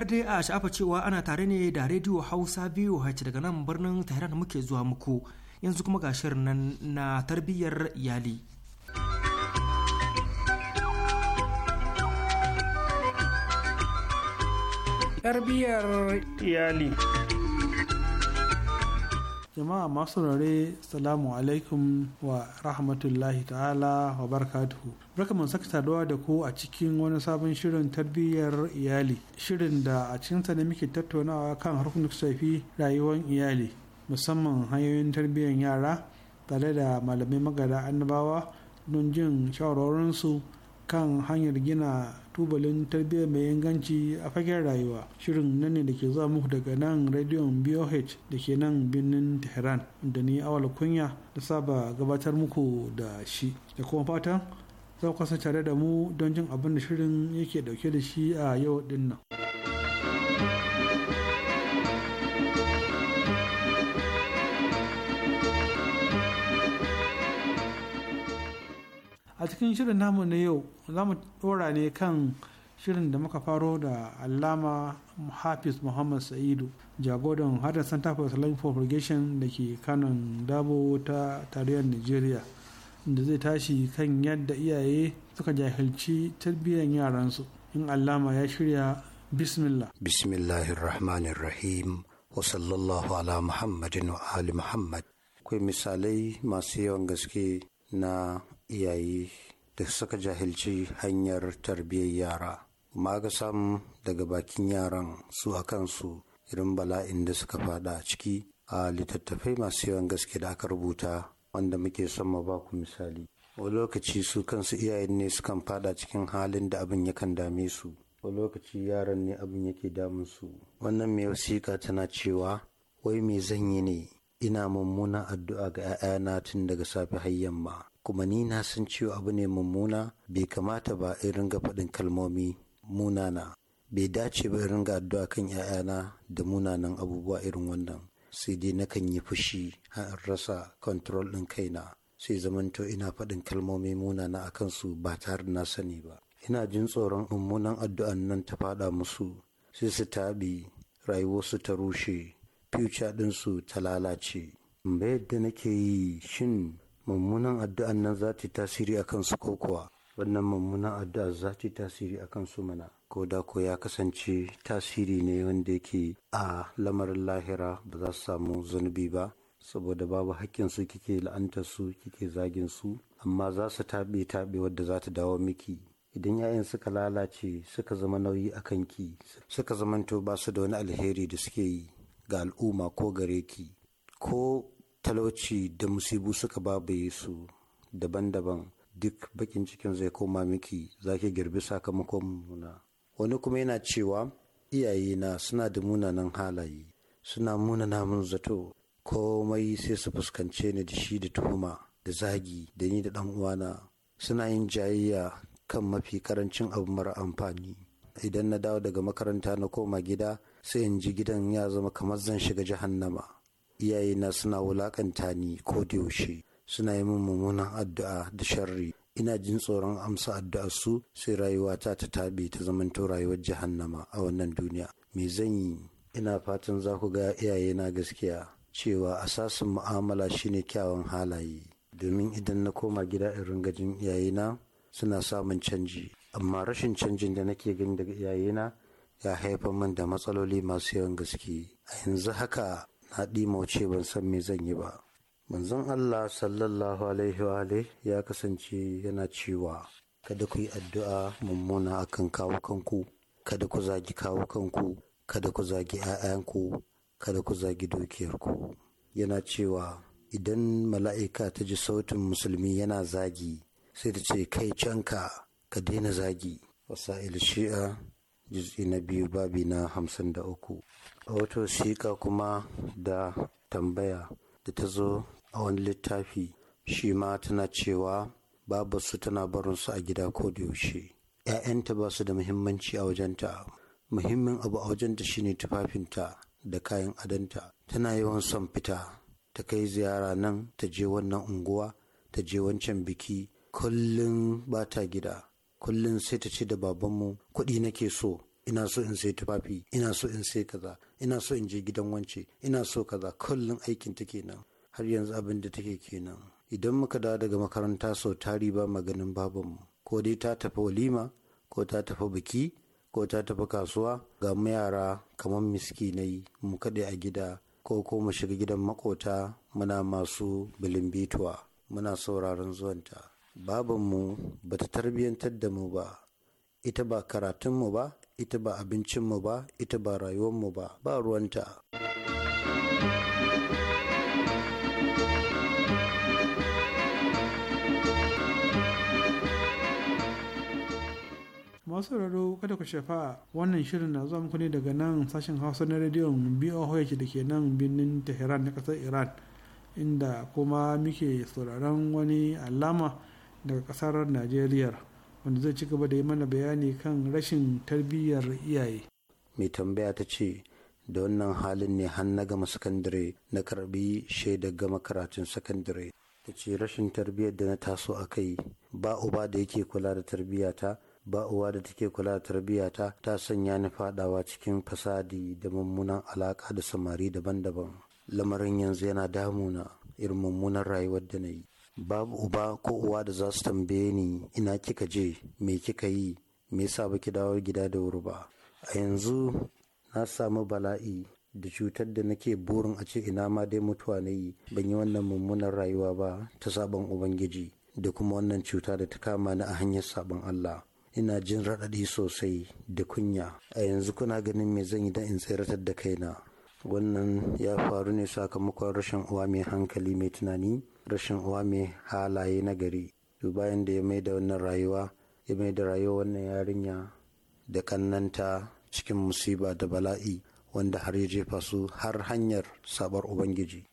dai a sha'afa cewa ana tare ne da rediyo hausa biyu hace daga nan birnin tehran muke zuwa muku yanzu kuma ga shirin nan na tarbiyyar iyali tarbiyyar iyali jama'a masu rare salamu alaikum wa rahmatullahi ta'ala wa barakatuhu mun saka saduwa da ku a cikin wani sabon shirin tarbiyyar iyali shirin da a cikinsa ne muke tattaunawa kan harkokin da shafi rayuwar iyali musamman hanyoyin tarbiyyar yara tare da malamai magada annabawa don jin shawarorinsu kan hanyar gina tubalin tarbiyya mai inganci a fagen rayuwa shirin nan ne da ke zuwa muku daga nan rediyon boh da ke nan birnin tehran da ni awal kunya da saba gabatar muku da shi da kuma fatan za ku kasance tare da mu don jin abin da shirin yake dauke da shi a yau dinnan. a cikin shirin namu na yau za mu dora ne kan shirin da muka faro da allama hafiz muhammad sa'idu jagoran hada center for islamic propagation da ke kanon dabo ta tarayyar nigeria da zai tashi kan yadda iyaye suka jahilci tarbiyyar yaransu in allama ya shirya bismillah bismillahirrahmanirrahim wa sallallahu ala muhammadin wa ali muhammad akwai misalai masu yawan gaske na iyaye da suka jahilci hanyar tarbiyyar yara ma ga daga bakin yaran su a kansu irin bala'in da suka fada a ciki a littattafai masu yawan gaske da aka rubuta wanda muke son ma baku misali wani lokaci su kansu iyayen ne sukan fada cikin halin da abin yakan dame su wani lokaci yaran ne abin yake damun su wannan mai wasiƙa tana cewa wai mai zan yi ne ina mummuna addu'a ga 'ya'yana tun daga safe har yamma kuma ni na san cewa abu ne mummuna bai kamata ba in ringa faɗin kalmomi munana bai dace ba in ringa addu'a kan 'ya'yana da munanan abubuwa irin wannan sai dai nakan yi fushi har rasa control ɗin kaina sai zamanto ina faɗin kalmomi munana a kansu ba tare na sani ba ina jin tsoron mummunan addu'an nan ta faɗa musu sai su taɓi rayuwarsu ta rushe future ɗinsu ta lalace yadda nake yi shin mummunan addu'an nan za ta tasiri a kansu ko kuwa wannan mummunan addu'a za ta tasiri a su mana ko da ko ya kasance tasiri ne wanda yake a lamarin lahira ba za su samu zunubi ba saboda babu hakkin su kike la'antar su kike zagin su amma za su taɓe taɓe wadda za ta dawo miki idan yayan suka lalace suka zama nauyi a kanki suka zamanto ba su da wani alheri da suke yi ga al'umma ko gare ki ko talauci da musibu suka babaye su daban-daban duk bakin cikin zai koma miki zaki girbi sakamakon muna wani kuma yana cewa iyayena suna da munanan halaye suna munana mun zato komai sai su fuskance ni da shi da tuhuma da zagi da ni da dan uwana suna yin jayayya kan mafi karancin abu mara amfani idan na dawo daga makaranta na koma gida sai in ji gidan ya zama kamar zan shiga jahannama iyayena suna wulakanta ni ko da yaushe suna yi min mummunan addu'a da sharri ina jin tsoron amsa addu'ar su sai rayuwata ta tabi ta zamanto rayuwar jahannama a wannan duniya me zan yi ina fatan za ku ga iyayena gaskiya cewa asasin mu'amala shine kyawun halaye domin idan na koma gida in ringa jin iyayena suna samun canji amma rashin canjin da nake gani daga iyayena ya haifar min da matsaloli masu yawan gaske a yanzu haka na ɗimauce ban san me zan yi ba manzon allah sallallahu alaihi wa ya kasance yana cewa kada ku yi addu'a mummuna akan kawo kanku kada ku zagi kawo kanku kada ku zagi 'ya'yanku kada ku zagi dukiyarku yana cewa idan mala'ika ta ji sautin musulmi yana zagi sai ta ce kai canka ka daina zagi wasa'il shi'a juz'i na biyu babi na hamsin da uku a wata wasiƙa kuma da tambaya da ta zo a wani littafi shi ma tana cewa babu su tana barinsu a gida ko da yaushe ‘ya'yanta ba su da muhimmanci a wajenta muhimmin abu a wajenta shine tufafinta da kayan adanta tana yawan son fita ta kai ziyara nan ta je wannan unguwa ta je wancan biki kullum ba ta gida kullum sai ta ce da babanmu kuɗi nake so ina so in sai tufafi ina so in sai kaza ina so in je gidan wance ina so kaza kullum aikin ta kenan har yanzu abin da take kenan idan muka dawo daga makaranta sau tari ba maganin babanmu ko dai ta tafi walima ko ta tafi biki ko ta tafi kasuwa ga mu yara kamar miskinai mu kaɗe a gida ko ko mu shiga gidan makota muna masu bilimbituwa muna sauraron zuwanta babanmu ba ta tarbiyyantar da mu ba ita ba karatunmu ba ita ba abincinmu ba ita ba rayuwarmu ba ba ruwanta masu raro kada ku shafa wannan shirin na zuwa muku ne daga nan sashen hausa na rediyon boh da ke nan birnin tehran na kasar iran inda kuma muke sauraron wani alama daga kasar najeriya wanda zai ci gaba da yi mana bayani kan rashin tarbiyyar iyaye mai tambaya ta ce da wannan halin ne har na gama sakandare na karbi shaidar gama karatun sakandare ta ce rashin tarbiyyar da na taso a kai ba uba da yake kula da tarbiyyata ba uwa da take kula da tarbiyyata ta sanya ni fadawa cikin fasadi da mummunan alaka da samari daban-daban lamarin yanzu yana damuna irin mummunan rayuwar da na yi babu uba ko uwa da za su tambaye ni ina kika je me kika yi me yasa baki dawo gida da wuri ba a yanzu na samu bala'i da cutar da nake burin a ce ina ma dai mutuwa na yi ban yi wannan mummunan rayuwa ba ta sabon ubangiji da kuma wannan cuta da ta kama ni a hanyar sabon Allah ina jin raɗaɗi sosai da kunya a yanzu kuna ganin me zan yi don in tseratar da kaina wannan ya faru ne sakamakon rashin uwa mai hankali mai tunani rashin uwa mai halaye na gari to bayan da ya mai da wannan rayuwa ya mai da rayuwa wannan yarinya da kannanta cikin musiba da bala'i wanda har ya jefa su har hanyar sabar ubangiji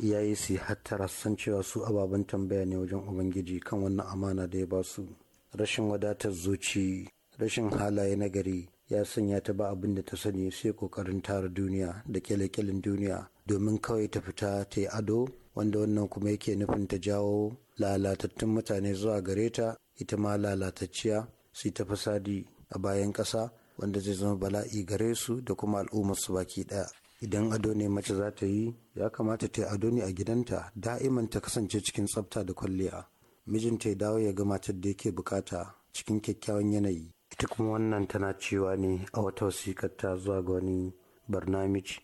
iyaye su hattara san cewa su ababen tambaya ne wajen ubangiji kan wannan amana da ya ba su rashin wadatar zuci rashin halaye na gari ya sanya ta ba abin da ta sani sai kokarin tara duniya da kyale-kyalen duniya domin kawai ta fita ta yi ado wanda wannan kuma yake nufin ta jawo lalatattun mutane zuwa gare ta ita ma lalatacciya su ta fasadi a bayan ƙasa wanda zai zama bala'i gare su da kuma al'ummar su baki ɗaya idan ado ne mace za ta yi ya kamata ta yi ado ne a gidanta da'iman ta kasance cikin tsafta da kwalliya mijinta ya dawo ya ga matar da yake bukata cikin kyakkyawan yanayi ita kuma wannan tana cewa ne a wata wasikarta zuwa ga wani barnamici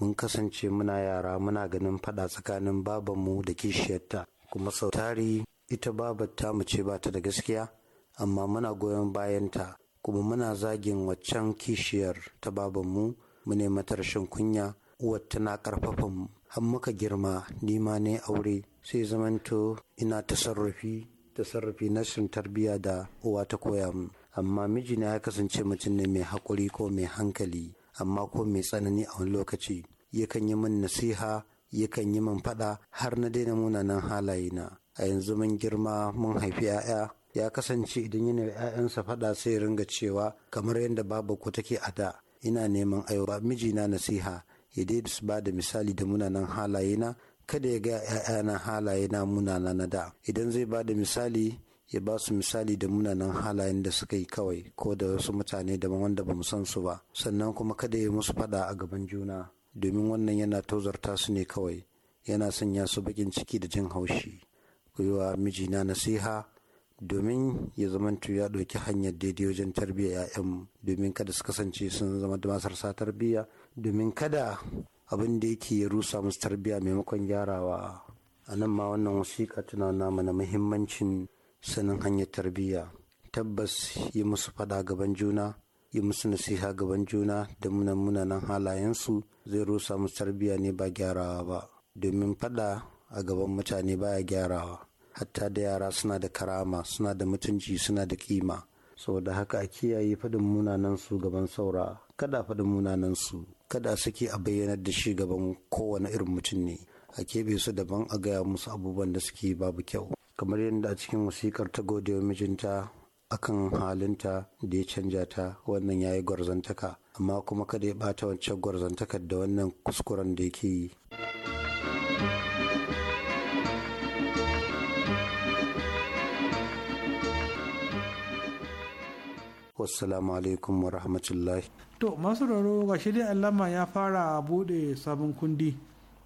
mun kasance muna yara muna ganin fada tsakanin babanmu da kishiyarta kuma sau tari ita babar mu ce bata da gaskiya amma muna goyon bayanta kuma muna zagin waccan kishiyar ta babanmu mu ne matarshin kunya uwar tana karfafa mu har muka girma nima ne aure sai zamanto ina tasarrufi tasarrufi na shin tarbiyya da uwa ta koya mu amma mijina ya kasance mutum ne mai haƙuri ko mai hankali amma ko mai tsanani a wani lokaci yakan yi min nasiha yakan yi min faɗa har na daina munanan halaye na a yanzu mun girma mun haifi 'ya'ya ya kasance idan yana 'ya'yansa faɗa sai ringa cewa kamar yadda babu ku take a da ina neman aiwa mijina nasiha ya dai ba da misali da munanan halaye na kada ya ga 'ya'yana halaye na munana na da idan zai ba da misali ya ba su misali da munanan halayen da suka yi kawai ko da wasu mutane daban wanda ba mu san su ba sannan kuma kada ya musu fada a gaban juna domin wannan yana tozarta su ne kawai yana sanya su bakin ciki da jin haushi ku yi wa mijina nasiha domin ya zamantu ya ɗauki hanyar daidai wajen tarbiyya 'ya'yanmu domin kada su kasance sun zama da masarsa tarbiyya domin kada abin da yake ya rusa musu tarbiyya maimakon gyarawa a nan ma wannan wasiƙa tunana na mana muhimmancin sanin hanyar tarbiyya tabbas yi musu fada gaban juna yi musu nasiha gaban juna da munan munanan halayensu zai rusa musu tarbiyya ne ba gyarawa ba domin fada a gaban mutane ba ya gyarawa hatta da yara suna da karama suna da mutunci suna da kima saboda haka a kiyaye faɗin munanan su gaban saura kada faɗin munanan su kada suke a bayyanar da shi gaban kowane irin mutum ne a keɓe su daban a gaya musu abubuwan da suke babu kyau kamar yadda a cikin wasikar ta gode wa mijinta akan halinta da ya canja ta wannan ya yi gwarzantaka amma kuma kada ya bata wancan gwarzantakar da wannan kuskuren da yake yi. wassalamu alaikum wa rahmatullahi to masu raro ga dai allama ya fara bude sabon kundi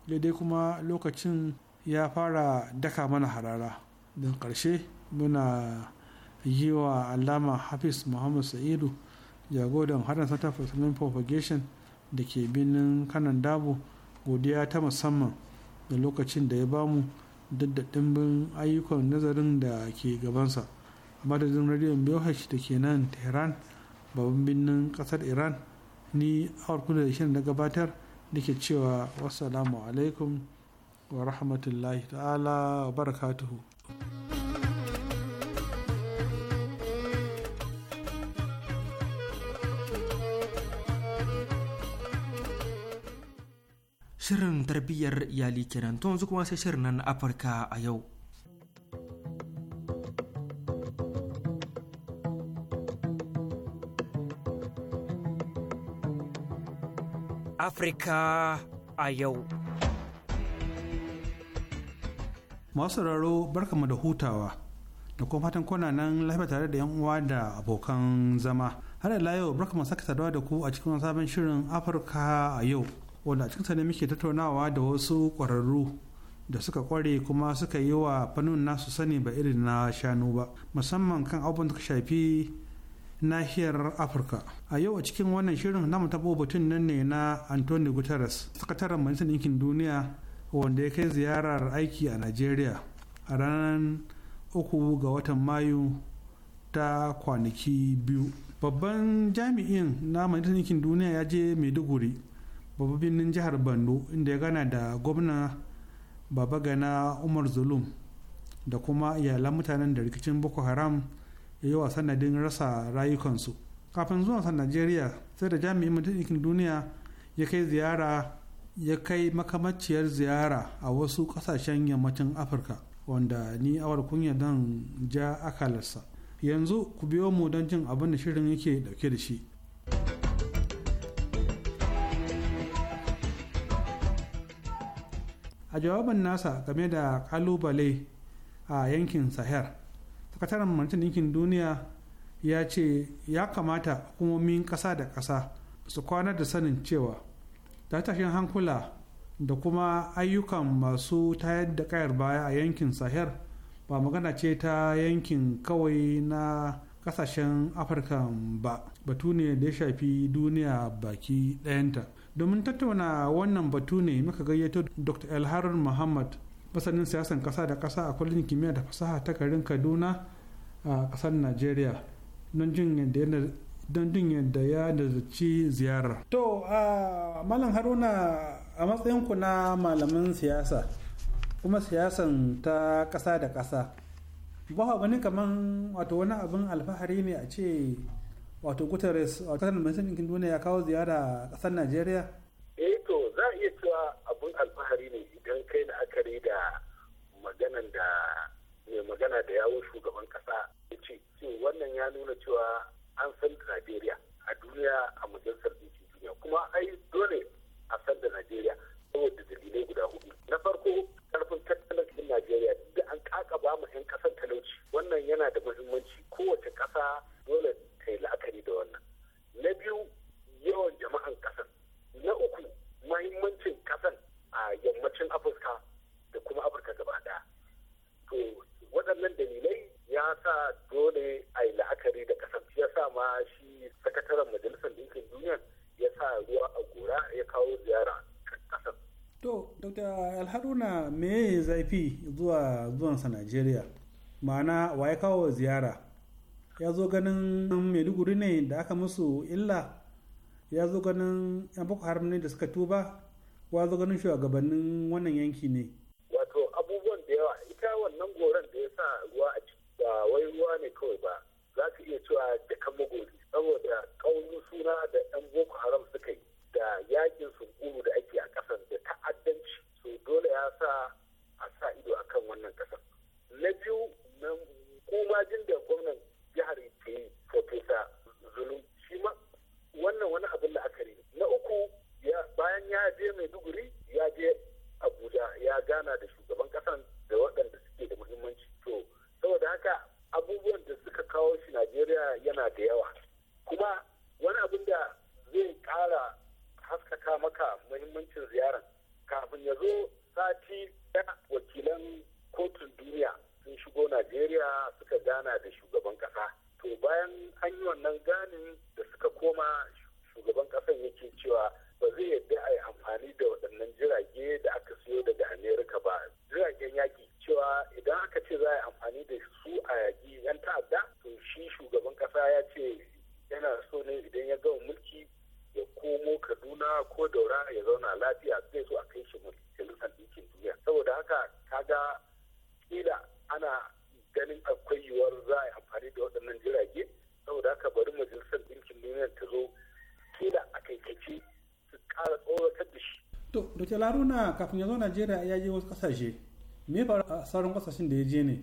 daidai kuma lokacin ya fara daka mana harara don ƙarshe muna yi wa alama hafiz muhammad sa'idu jagoran harin santa for islamic propagation da ke birnin kanan dabo godiya ta musamman da lokacin da ya bamu da daddaɗin ayyukan nazarin da ke gabansa a madadin radiyon BOH da ke nan tehran babban birnin kasar iran ni awar kudu da shirin na gabatar da ke cewa wasu alaikum wa rahmatullahi ta'ala wa barakatuhu Shirin tarbiyyar iyali kenan to yanzu kuma sai shirin nan na Afirka a yau. Afirka a yau. Masu raro barkamu da hutawa da kuma fatan kuna nan lafiya tare da 'yan uwa da abokan zama. Har da layo barkamu saka da ku a cikin sabon shirin Afirka a yau. wanda a cikinsa ne muke tattaunawa da wasu kwararru da suka kware kuma suka yi wa fannin nasu sani ba irin na shanu ba musamman kan abubuwan da shafi nahiyar afirka a yau a cikin wannan shirin mu taɓo batun nan ne na antoni guterres sakataren majalisar ɗinkin duniya wanda ya kai ziyarar aiki a nigeria a ranar uku ga watan mayu ta kwanaki biyu babban jami'in na majalisar ɗinkin duniya ya je maiduguri babu birnin jihar borno inda ya gana da gwamna gana umar zulum da kuma iyalan mutanen da rikicin boko haram ya yi wa sanadin rasa rayukansu kafin zuwansa najeriya sai da jami'in mutum duniya ya kai ziyara ya kai makamaciyar ziyara a wasu kasashen yammacin afirka wanda ni awar kunya don ja akalarsa yanzu ku biyo mu don jin abin da shirin yake dauke da shi a jawaban nasa game da kalubale a yankin sahel sakataren mantan yankin duniya ya ce ya kamata hukumomin ƙasa da ƙasa su kwana da sanin cewa tashin hankula da kuma ayyukan masu tayar da kayar baya a yankin sahel ba magana ce ta yankin kawai na kasashen afirka ba batu ne da ya shafi duniya baki ɗayanta domin tattauna wannan batu ne muka gayyato dr elharun muhammad masanin siyasan kasa da kasa a kwallon kimiyya da fasaha ta garin kaduna a kasar nigeria don jin yadda ya nazarci ziyarar to a malam haruna a matsayinku na malaman siyasa kuma siyasan ta kasa da kasa ba gani kamar wato wani abin alfahari ne a ce wato guterres a kasar majalisar ɗinkin duniya ya kawo ziyara a ƙasar najeriya eh to za a iya cewa abun alfahari ne idan kai na akari da maganan da mai magana da yawon shugaban ƙasa ya ce wannan ya nuna cewa an san da najeriya a duniya a majalisar ɗinkin duniya kuma ai dole a san da najeriya saboda dalilai guda hudu na farko karfin tattalin najeriya da an ba mu 'yan ƙasar talauci wannan yana da muhimmanci kowace ƙasa dole kai yi la'akari da wannan na biyu yawan jama'an ƙasar na uku mahimmancin kasan a yammacin afirka da kuma afirka gaba ɗaya to waɗannan dalilai ya sa dole a yi la'akari da ƙasar ya sa ma shi sakataren majalisar ɗinkin duniya ya sa ruwa a gora ya kawo ziyara kasar to dr alharuna me zafi zuwa zuwansa najeriya ma'ana wa ya kawo ziyara ya zo ganin maiduguri ne da aka musu illa ya zo ganin yan boko haram ne da suka tuba ya zo ganin shugabannin wannan yanki ne wato abubuwan da yawa ita wannan goron kafin ya zo najeriya ya je wasu kasashe me fara a sauran kasashen da ya je ne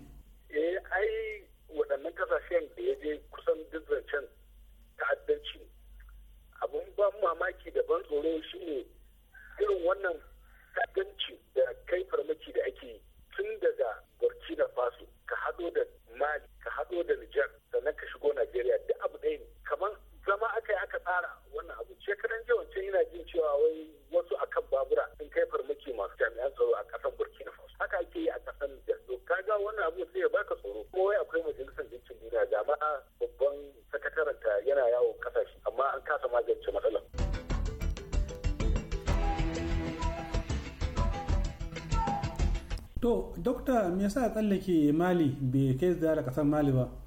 me yasa tsallake mali bai kai ziyara kasar mali ba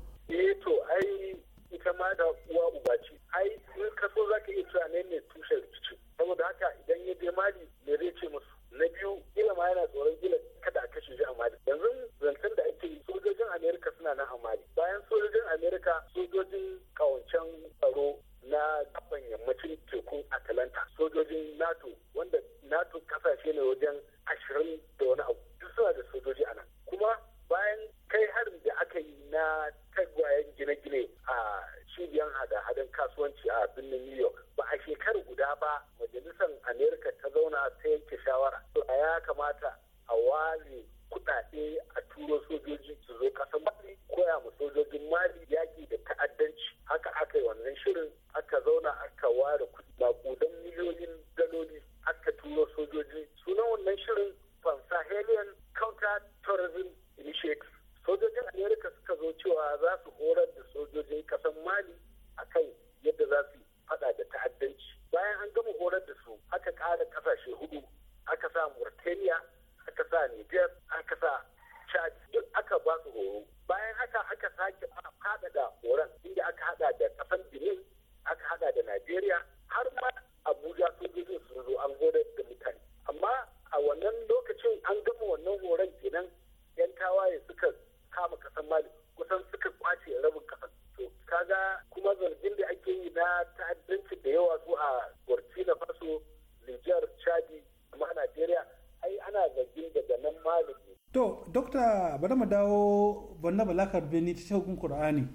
bari mu dawo banna balakar beni ta shaugun kur'ani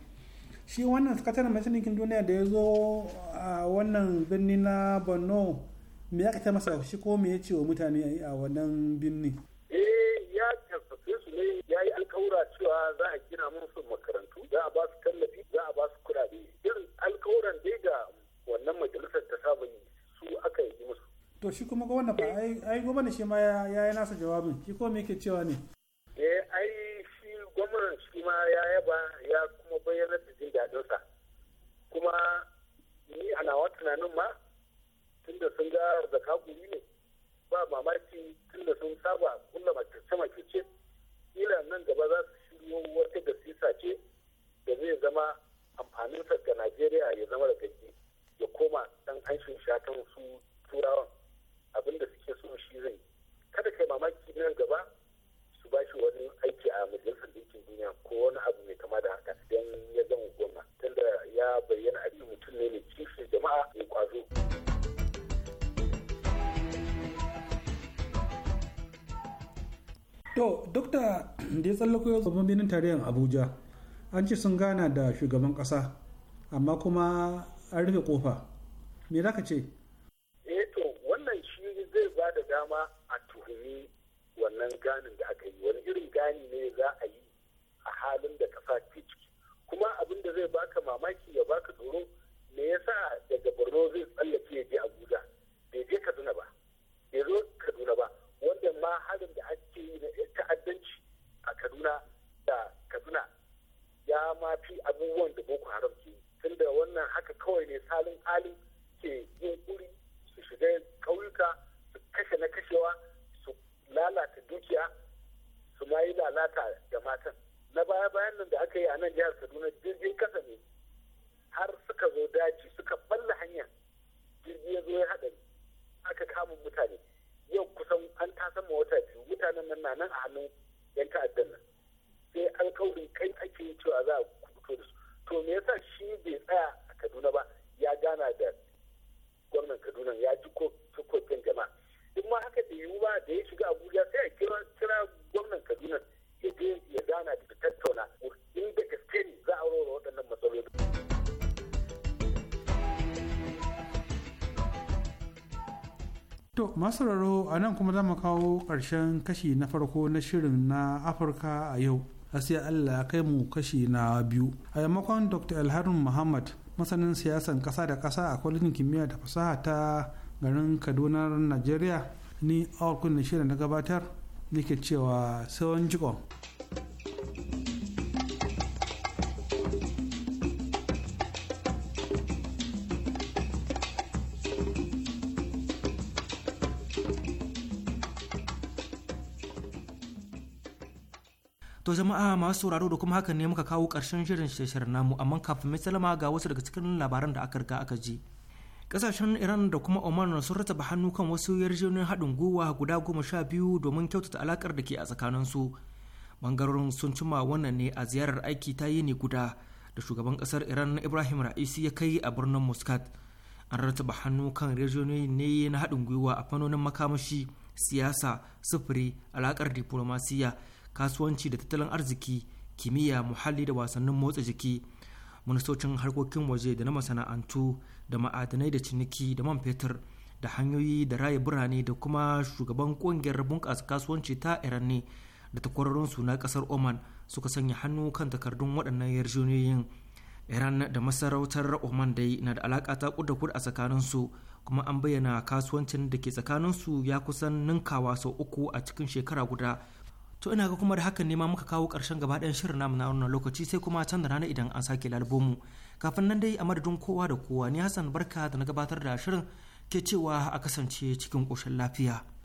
shi wannan sakataren mai sanikin duniya da ya zo a wannan birni na borno me ya ta masa shi ko me ya ce wa mutane a wannan birni eh ya karfafe su ne ya yi alkawura cewa za a gina musu makarantu za a ba su tallafi za a ba su kurabe irin alkawuran dai ga wannan majalisar ta saba yi su aka yi musu to shi kuma ga wannan ba ai gwamnati shi ma ya yi nasa jawabin shi ko me yake cewa ne tarayyar abuja an ci sun gana da shugaban kasa amma kuma an rufe kofa me za ka ce kuma za mu kawo ƙarshen kashi na farko na shirin na afirka a yau a sai allah ya kai mu kashi na biyu a yammakon dr alharun muhammad masanin siyasan kasa da kasa a kwalejin kimiyya da fasaha ta garin kaduna najeriya ni a shirin na gabatar nake cewa sai wani jikon To jama'a masu sauraro da kuma hakan ne muka kawo ƙarshen shirin shirin namu amma kafin mai salama ga wasu daga cikin labaran da aka riga aka ji. Kasashen Iran da kuma Oman sun rataba hannu kan wasu yarjejeniyar haɗin gwiwa guda goma sha biyu domin kyautata alakar da ke a tsakaninsu. Bangarorin sun cima wannan ne a ziyarar aiki ta yi yini guda da shugaban kasar Iran Ibrahim Ra'isi ya kai a birnin Muscat. An rataba hannu kan yarjejeniyar ne na haɗin gwiwa a fannonin makamashi, siyasa, sufuri, alakar diplomasiya, kasuwanci da tattalin arziki kimiyya muhalli da wasannin motsa jiki ministocin harkokin waje da na masana'antu da ma'adanai da ciniki da man fetur da hanyoyi da raye birane da kuma shugaban kungiyar bunƙasa kasuwanci ta iran ne da su na ƙasar oman suka sanya hannu kan takardun waɗannan yarjejeniyoyin iran da masarautar oman dai na da alaƙa ta kuda kuda a tsakaninsu kuma an bayyana kasuwancin da ke tsakaninsu ya kusan ninkawa sau uku a cikin shekara guda to ina ga kuma da hakan ne ma muka kawo ƙarshen gaba ɗayan shirin namu na wannan lokaci sai kuma can da rana idan an sake lalbomu kafin nan dai a madadin kowa da kowa ni hassan barka da na gabatar da shirin ke cewa a kasance cikin koshin lafiya.